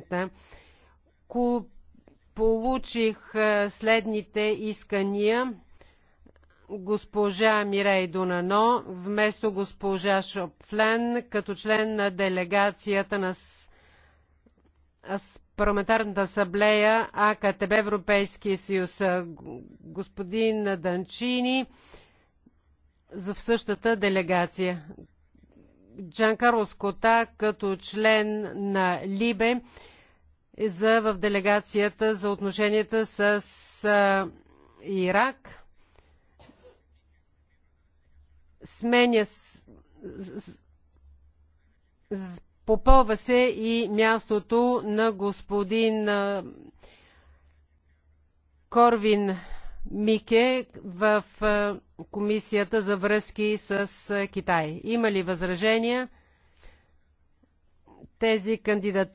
компетентна. Получих следните искания. Госпожа Мирей Дунано вместо госпожа Шопфлен като член на делегацията на парламентарната асамблея АКТБ Европейския съюз. Господин Данчини за в същата делегация. Джан Карлос Кота като член на Либе за, в делегацията за отношенията с а, Ирак. Сменя с, с, с, попълва се и мястото на господин а, Корвин Мике в Комисията за връзки с Китай. Има ли възражения? Тези кандидатури